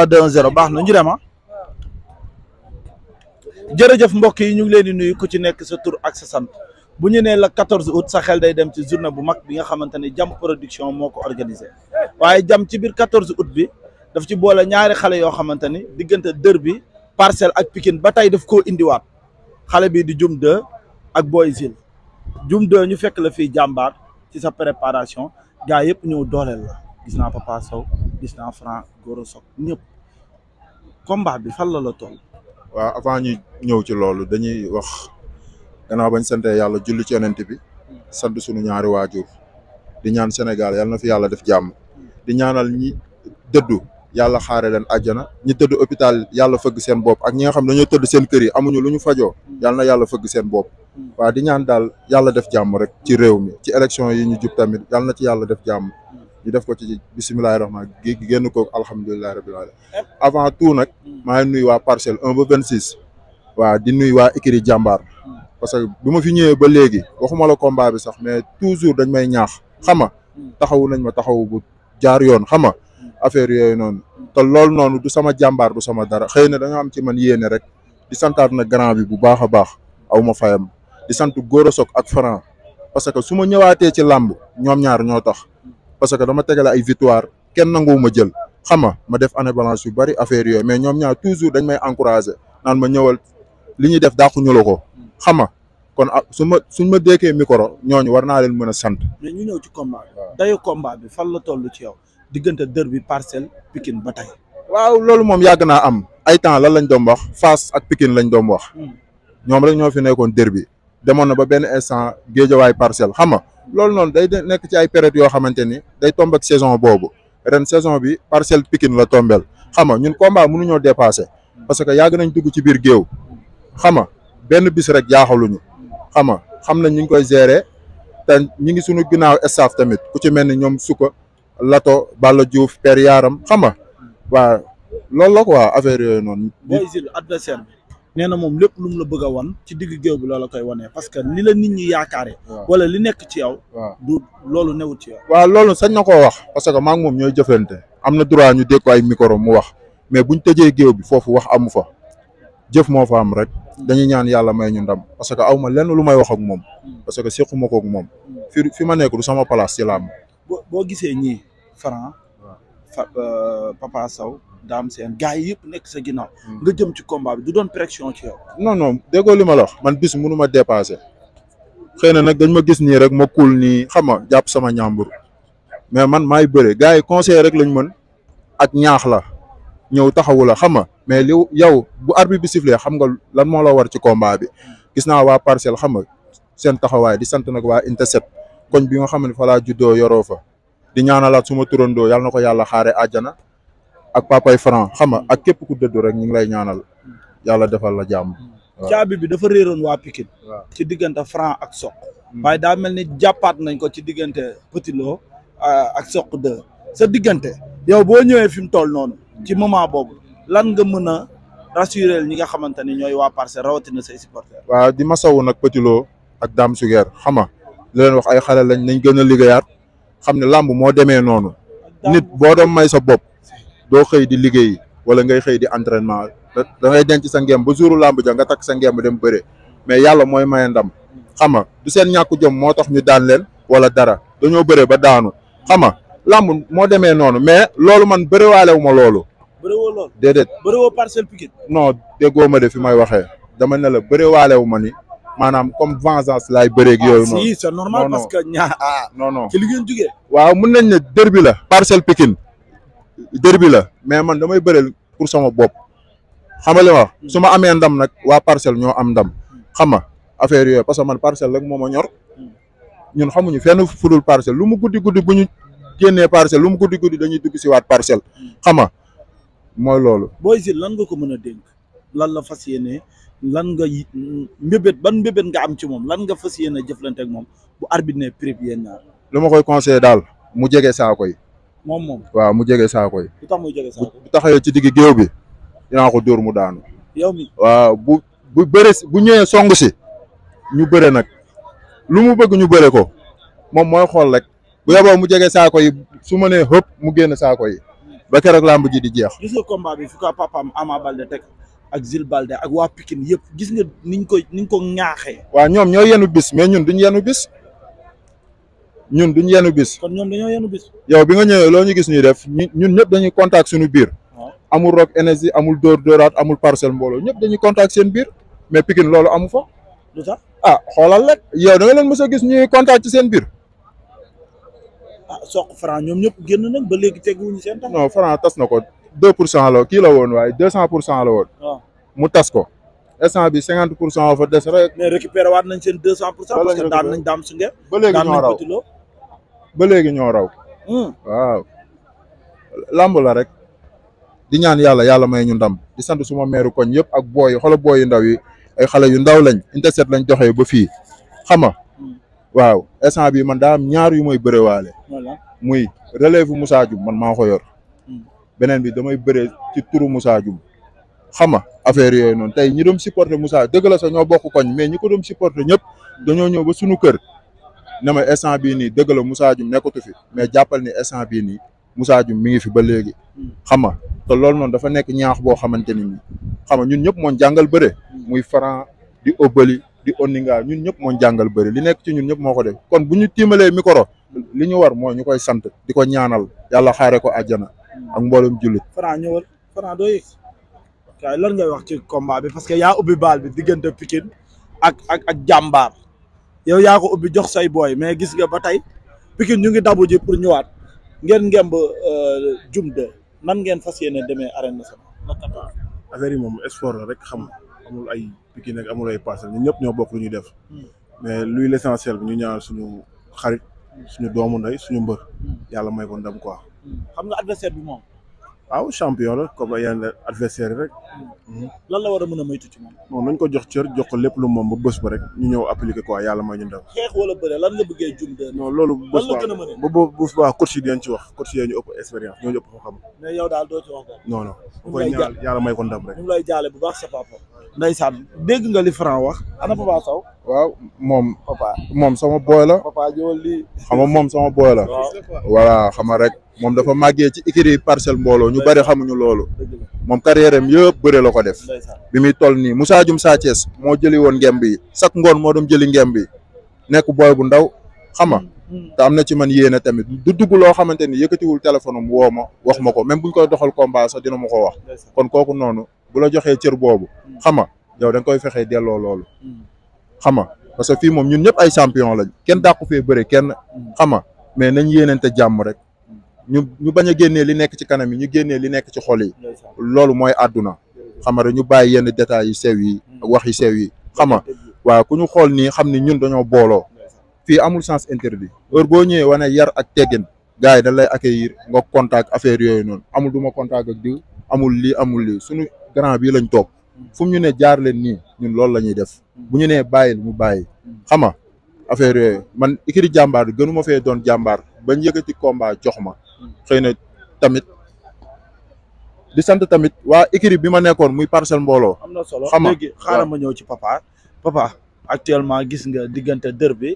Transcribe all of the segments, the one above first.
2 0 baax na ñu ah. jërëjëf mbokk yi ñu ngi leen di nuyu ku ci nekk sa tur ak sa sant bu ñu nee la 14 août sa xel day dem ci journée bu mag bi nga xamante ne jam production moo ko organisé waaye jam ci biir 14 août bi daf ci boole ñaari xale yoo xamante ni diggante dër bi parcelle ak Pikine ba tey daf koo indiwaat xale bii di Dioum ak Boy Zil Dioum ñu fekk la fi jàmbaar ci sa préparation gaa yëpp ñëw dooleel la gis naa Papa Sow gis naa Franc Gora Sock ñëpp combat bi fan la la toll. avant ñu ñëw ci loolu dañuy wax gannaaw bañ sentee yàlla julli ci yonent bi sant sunu ñaari waajur di ñaan Sénégal yàlla na fi yàlla def jàmm di ñaanal ñi dëddu yàlla xaare leen àjjana ñi tëdd hôpital yàlla fëgg seen bopp ak ñi nga xam ne dañoo tëdd seen kër yi amuñu lu ñu fajoo yàlla na yàlla fëgg seen bopp waa di ñaan daal yàlla def jàmm rek ci réew mi ci élection yi ñu jub tamit yàlla na ci yàlla def jàmm ñu def ko ci bisimilahi rahman gi génn koog alhamdulilahi rabil alamin eh? avant tout nag maa ngi nuyu waa parcelle un ba vingt six waaw di nuy waa écurie jàmbaar parce que bi ma fi ñëwee ba léegi waxuma la combat bi sax mais toujours dañ may ñaax xama taxawu nañ ma taxaw bu jaar yoon xama affaire yooyu noonu te loolu noonu du sama jàmbaar du sama dara xëy na da nga am ci man yéene rek di santaat na grand bi bu baax a baax aw ma fayam di sant Gora Sock ak Franc parce que su ma ñëwaatee ci làmb ñoom ñaar ñoo tax parce que dama tegale ay victoire kenn nanguwuma jël xam nga ma def année balance yu bëri affaire yooyu mais ñoom ñaar toujours dañ may encouragé naan ma ñëwal li ñuy def dàquñu la ko xam nga kon ah su ma suñ ma dékkee micro ñooñu war naa leen mën a sant. mais ñu ñëw ci combat bi dayu bi fan la toll ci yow diggante dër bi parcelle Pikine ba tey. waaw loolu moom yàgg naa am ay temps lan lañ doon wax Fass ak Pikine lañ doom wax hmm. ñoom rek ñoo fi nekkoon dër bi demoon na ba benn instant géejawaay parcelle xam nga loolu noonu day nekk ci ay période yoo xamante ni day tomb ak saison boobu ren saison bi parcelle Pikine la tombel xam nga ñun combat mënuñoo dépassé parce que yàgg nañ dugg ci biir géew xam nga benn bis rek jaaxaluñu xam nga xam na ñu ngi koy gérer te ñu ngi suñu ginnaaw staff tamit ku ci mel ni ñoom Suka Lato Balla Diouf Père Yaram xama nga waaw loolu la quoi affaire yooyu noonu. mooy adversaire bi. nee na moom lépp lu mu la bëgg a wan ci digg géew bi loola koy wanee parce que li la nit ñi yaakaare wala li nekk ci yow loolu newut ci yow waaw loolu sañ na ko wax parce que maa moom ñooy jëflante am na droit ñu dégg ay micro mu wax mais bu ñu tëjee géew bi foofu wax amu fa jëf moo fa am rek dañu ñaan yàlla may ñu ndam parce que aw ma lenn lu may wax ak moom parce que séquma ko moom fi ma nekk du sama place ci làmb boo gisee ñii Franc euh, Papa Sow daam seen gars yi yëpp nekk sa ginnaaw. Hmm. nga jëm ci combat bi du doon pression ci yow. non non déggoo li ma la wax man bis mënu ma dépassé xëy nag dañ ma gis nii rek ma kuul nii xam nga jàpp sama ñàmbur mais man maay bëre gars yi conseil rek lañ mën ak ñaax la ñëw taxawu la xam nga mais li yow bu arbitre bi sifflé xam nga lan moo la war ci combat bi gis naa waa parcelle xam nga seen taxawaay di sant nag waa intercept koñ bi nga xam ne fa laa juddoo yoroo fa di ñaanalaat suma turandoo yàlla na ko yàlla xaare àjjana ak papay Franc xam nga ak képp ku dëddu rek ñu ngi lay ñaanal yàlla defal la jàmm. caabi bi dafa réeroon waa Pikine. ci diggante Franc ak Sokh. Hmm. waaye daa mel ni jàppaat nañ ko ci diggante Petit euh, ak Sokh de sa diggante yow boo ñëwee fi mu toll noonu ci moment boobu lan nga mën a rassurer ñi nga xamante ni ñooy waa parce rawatina say supporters. waaw di masawu nag Petit Lo ak Dame Suguer xam nga li leen wax ay xale lañ nañ gën a liggéeyaat xam ne làmb moo demee noonu. nit boo doon may sa bopp. doo xëy di liggéey wala ngay xëy di entraînement da ngay denc sa ngeem ba jouru làmb ja nga takk sa ngeem dem bëre mais yàlla mooy maye ndam xam nga du seen ñàkku jom moo tax ñu daan leen wala dara dañoo bëree ba daanu xam nga làmb moo demee noonu mais loolu man bëriwaale wu ma loolu. bëriwoo loolu déedéet. bëriwoo Parcelles Pikine. non déggoo ma de fi may waxee dama ne la bëriwaale ma ni maanaam comme vengeance laay bëree yooyu. Ah, noonu si c'est normal parce que ñaa ah non non. waaw mun nañ ne derby la. Parcelles Pikine. derby la mais man damay bëreel pour sama bopp xam nga li ma su ma amee ndam nag waa parcelle ñoo am ndam xam nga affaire yooyu parce man parcelle nag moo ma ñor ñun xamuñu fenn fudul parcelle lu mu guddi guddi bu ñu génnee parcelle lu mu guddi guddi dañuy dugg si waat parcelle xam mooy loolu. boo Jules lan nga ko mën a dénk lan la fas yéenee lan nga mbébét ban mbébét nga am ci moom lan nga fas yéene jëflante ak moom bu arbitre ne prix bi yéen ñaar. lu ma koy conseillé daal mu jege saako yi. moom moom waaw mu jege saako yi. lu tax jege bu taxawee ci digg géew bi dinaa ko mu daanu. yow mi waaw bu bu bëre bu ñëwee song si ñu bëre nag lu mu bëgg ñu bëre ko moom mooy xool rek bu yeboo mu jege saako yi su ma nee xëpp mu génn saako yi ba keroog làmb ji di jeex. gis nga combat bi fu ko Ama Balde teg ak Zil Balde ak waa Pikine yëpp gis nga niñ ko niñ ko ñaaxee. waaw ñoom ñoo yenu bis mais ñun duñ yenu bis. ñun duñ yenu bis. kon ñoom dañoo yenu bis. yow bi nga ñëwee loo ñu gis ñuy def ñun ñëpp dañuy contact suñu biir. amul rock énergie amul dóor dóoraat amul parcel mbooloo ñëpp dañuy contact seen biir mais Pikine loolu amu fa. lu tax ah xoolal rek yow da nga leen mës a gis ñuy contact ci seen biir. ah soq Franc ñoom ñëpp génn nañ ba léegi teguwuñu seen tax. non Franc tas na ko deux pour cent la kii la woon waaye deux cent pour cent la woon. mu tas ko. instant bi cinquante pour cent fa des rek. mais récupéré nañ seen deux cent pour cent. parce que daan ba léegi ñoo raw. Hmm. waaw. lamb la rek. di ñaan yàlla yàlla may ñu ndam di sant suma meeru koñ yëpp ak booy yi xoolal booy yu ndaw yi ay xale yu ndaw lañ interset lañ joxe ba fii xam nga hmm. waaw instant bi man daa am ñaar yu may bërewaale. muy relève Moussa Dioum man maa ko yor. Hmm. beneen bi damay bëree ci turu Moussa Dioum xam nga affaire yooyu noonu tey ñi doon supporter Moussa dëgg la sax ñoo bokk koñ mais ñi ko doon supporter ñëpp dañoo ñëw ba suñu kër na ma instant bii nii dëgg la Moussa Dioum nekkatu fi mais jàppal ni instant bii nii Moussa Dioum mi ngi fi ba léegi xam nga te loolu noonu dafa nekk ñaax boo xamante ni xam nga ñun ñëpp moo jàngal bëre muy Franc di Obali di Oninga ñun ñëpp moon jàngal bëre li nekk ci ñun ñëpp moo ko def kon bu ñu tiimalee micro li ñu war mooy ñu koy sant di ko ñaanal yàlla xaare ko àjjana ak mboolem jullit Franc ñëwal Franc doo yëg waaye lan ngay wax ci combat bi parce que yaa ubbi baal bi diggante Pikine ak ak ak jàmbaar yow yaa ko ubbi jox say booy mais gis nga ba tey Pikine ñu ngi dabu ji pour ñëwaat ngeen ngemb euh, jum de nan ngeen fas yéene demee arène nationale. affaire yi moom sport la rek xam amul ay Pikine ak amul ay paase ñun ñëpp ñoo bokk lu ñuy def. Hmm. mais luy l'essentiel bi ñu ñaanal suñu xarit suñu doomu ndey suñu mbër. Hmm. yàlla may ko ndam quoi. Hmm. xam nga adversaire bi moom. waaw champion la comme yenn adversaire rek. lan la war a mën a moytu ci moom. non nañ ko jox cër jox ko lépp lu moom ba bés ba rek ñu ñëw appliquer quoi yàlla may ñu ndam. xeex wala bëre lan loolu bu bés ba bu bu bés ba coach ci wax coach yi ñu ëpp expérience ñoo ñu ëpp daal doo ci wax dëgg. non non bu koy ñaan yàlla may ko ndam rek. ñu lay jaale bu baax sa papa. ndeysaan dégg nga li Franc wax ana Papa Sow. waaw moom. papa moom sama booy la. papa ñëwal xam nga moom sama boy la. voilà xam nga rek moom dafa màggee ci écurie parcelle mbooloo ñu bari xamuñu loolu. moom carrière am yëpp bëre la ko def. bi muy toll nii Moussa Dioum Sa Thiès moo jëli woon ngemb yi chaque ngoon moo doon jëli ngemb yi nekk boy bu ndaw xam nga mm, mm. te am na ci man yéene tamit du dugg loo xamante ni yëkkatiwul téléphone am woo ma wax ma ko même buñ koy doxal combat sax dina ma ko wax. kon kooku noonu bu la joxee cër boobu. Mm. xam nga yow da koy fexee delloo loolu. xam nga parce que fii moom ñun ñëpp ay champion lañ kenn dàqu fee bëre kenn xama mais nañ yéenante jàmm rek ñu ñu bañ a génnee li nekk ci kanam yi ñu génnee li nekk ci xool yi loolu mooy àdduna xam nga ñu bàyyi yenn détails yu sew yi wax yi sew yi xam nga waaw ku ñu xool nii xam ni ñun dañoo booloo fii amul sens interdit heure boo ñëwee wane yar ak teggin gars da dañ ak accueillir nga contact affaire yooyu noonu amul du ma contact ak diw amul lii amul lii suñu grand bii lañ toog fu mu ñu ne jaar leen nii ñun loolu la ñuy def bu ñu nee bàyyil mu bàyyi xam affaire yooyu man ikiri jàmbaar gënu ma fee doon jàmbaar ba yëkkati combat jox ma xëy na tamit di sant tamit waa ikiri bi ma nekkoon muy parcelle mbooloo. am na solo léegi xaaral ma ñëw ci papa. papa actuellement gis nga diggante dër bi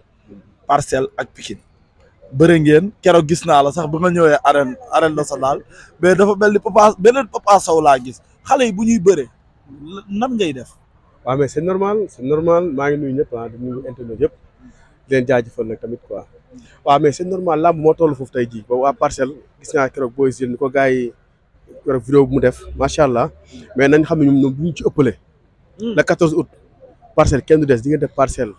parcelle ak Pikine bëri ngeen keroog gis naa la sax ba nga ñëwee arène arène nationale mais dafa mel ni papa beneen papa Sow laa gis xale yi bu ñuy bëree nan ngay def. waaw mais c'est normal c'est normal maa ngi nuyu ñëpp ah di nuyu internet yëpp di leen jaajëfal nag tamit quoi waaw mais c'est normal làmb moo toll foofu tey jii ba waa parcelle gis naa keroog booy jël ni ko gars yi keroog vidéo bu mu def macha allah mais nañ xam ne ñoom ñoom bu ñu ci ëppale. Hmm. le 14 août parcelle kenn du des di nga def parcelle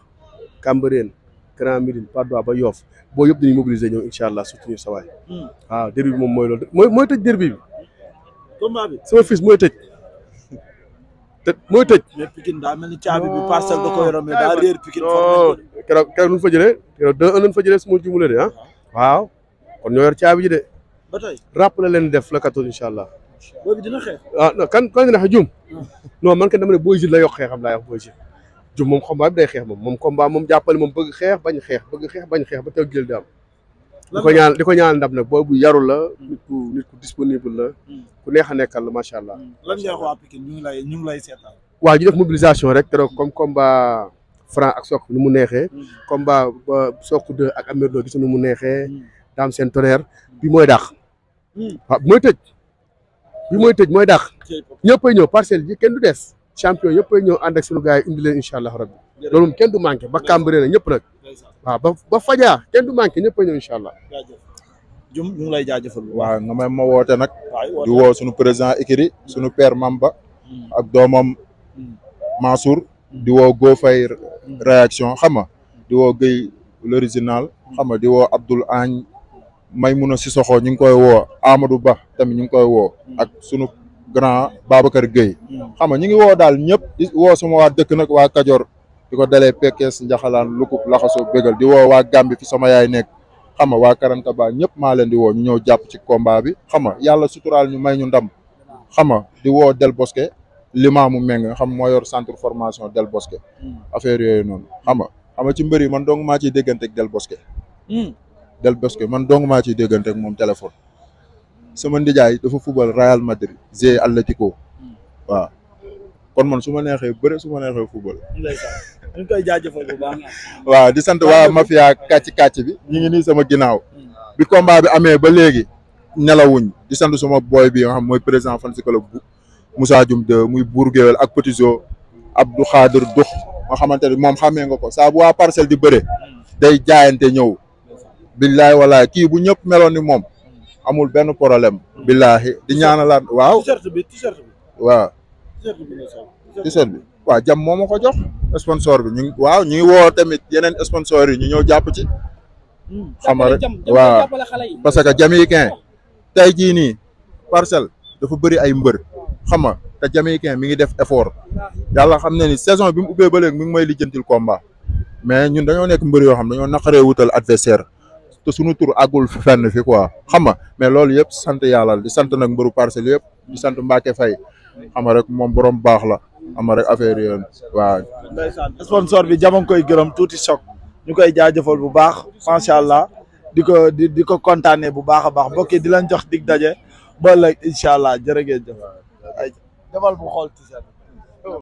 Cambérène Grand Médine Patte d'Oie ba Yoff boo yëpp dañuy mobiliser ñëw incha allah soutenir sa waay. Hmm. waaw derby mooy loolu mooy mooy tëj te mooy tëj. mais Pikine daa mel ni caabi bi parcelle da ko yoroon mais daa réer Pikine. non keroog keroog lu fa jëlee keroog deux un lañ fa jëlee su ma jumulee de ah. waaw kon ñoo yor caabi ji de. ba tey rappelé leen def la quatorze incha allah. boobu dina xeex. ah non kan kan dina xeex Dioum. Ah. non man kat dama ne Boy Jules la yokk xeexam laa yokk Boy Jules. Dioum moom combat bi day xeex moom moom combat moom jàppale moom bëgg xeex bañ xeex bëgg xeex bañ xeex ba teew jël daam di ko ñaan di ko ñaan ndam nag boobu yarul la nit ku disponible la hmm. ku neex a nekkal macha allah. Hmm. lan nga waa Pikine def mobilisation rek keroog comme combat franc ak Sokh nu mu neexee. Hmm. combat Sokh de ak Amir Lo gis nu mu neexee. daam seen bi mooy dàq. waaw mooy tëj bi mooy tëj mooy dàq. ñëppay ñëw parcelle yi kenn du des. champion ñëppay ñëw ànd ak sunu gars yi indi leen incha allah rabbi loolu moom kenn du manqué ba cambré na ñëpp nag. waaw ba ba fajaa kenn du manqué a ñëw incha allah. jum ñu ngi lay nga may ma woote nag. di woo suñu président Ikiri suñu père Mamba. Hmm. ak doomam hmm. Mansour. Hmm. di woo Go Faye réaction xam nga di woo Guèye l'original. xam nga di woo Abdoul Agne Maymuna ñu ngi koy woo Amadou Ba tamit ñu ngi koy woo. ak sunu grand Babacar Guèye. xam nga ñu ngi woo daal ñëpp woo sama waa dëkk nag waa Kajoor. di ko dalee Pekes Njaxalaan Lukub Laxasoo bégal di woo waa Gàmbi fi sama yaay nekk xam nga waa Karanta Ba ñëpp maa leen di woo ñu ñëw jàpp ci combat bi xam nga yàlla suturaal ñu may ñu ndam xam nga di woo Del Bosque limaamu meng xam moo yor centre formation Del Bosque hmm. affaire yooyu noonu xam nga xam ci mbër yi man dong maa ciy déggante ak hmm. Del Bosque man dong maa ciy déggante ak moom téléphone sama ndijaay dafa fubal Real Madrid g Atlético hmm. waaw kon man su ma neexee bëre su ma neexee fubal ñu koy waaw di sant waa mafia kàcc kàcc bi ñu ngi nii sama ginnaaw. bi combat bi amee ba léegi nelawuñ di sant suma booy bi nga mooy président fan si club bu Moussa muy Bour Guéweul ak Petit Zo Abdou Khadir Doux nga xamante ne moom xamee nga ko saa waa parcelle di bëre day jaayante ñëw. billahi walaay kii bu ñëpp meloon ni moom amul benn problème. billahi di ñaanalaat waaw. t bi t-shirt bi. jam moo ma ko sponsor bi ñu waaw ñu ngi woo tamit yeneen sponsor yi ñu ñëw jàpp ci. xam nga rek waaw parce que Jamaïcain tey jii nii parcelle dafa bëri ay mbër xam nga te Jamaïcain mi ngi def effort yàlla xam na ni saison bi mu ubbee ba léegi mu ngi may lijjantil komba mais ñun dañoo nekk mbër yoo xam dañoo naqaree wutal adversaire te suñu tur àggul fenn fi quoi xam nga mais loolu yëpp sant yàlla di sant nag mbëru parcelle yëpp di sant mbaate Faye xam rek moom borom baax la. ama rek affaire yoon waaw. ndeysaan sponsor bi jamono koy gërëm tuuti choc ñu koy jaajëfal bu baax macha allah di ko di di ko kontaanee bu baax a baax mbokk di leen jox dig daje ba ëllëg incha allah jërë ngeen ay demal bu xool